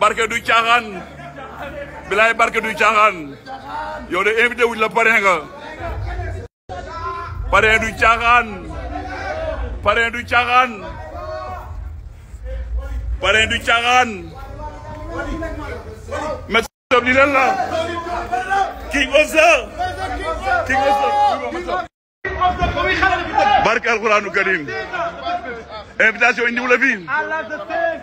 barke du caaxaan bilaay barke du caaxaan yow de invité wuñ la parrain nga parrain du caaxaan parrain du caaxaan parrain du caaxaan mais sob li leen la king of the king of the barke karim invitation indiw la fii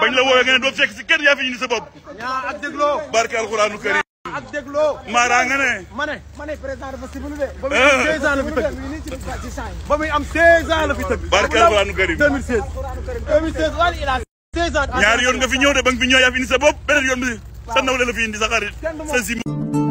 bañ la woowee nga ne doo fekk si kenn yaa fi indi sa bopp. ñaa ak dégloo. barke alxuraanu kariim. ak dégloo. Mara nga ma ma ne président dafa sibilu eh. ba muy am 16 ans la fi tëgg. ba muy am 16 ans a 16 ans. yoon nga fi ñëw de ba nga fi ñëw yaa fi indi sa bopp beneen yoon bi sa la fi indi sa xarit sa sim.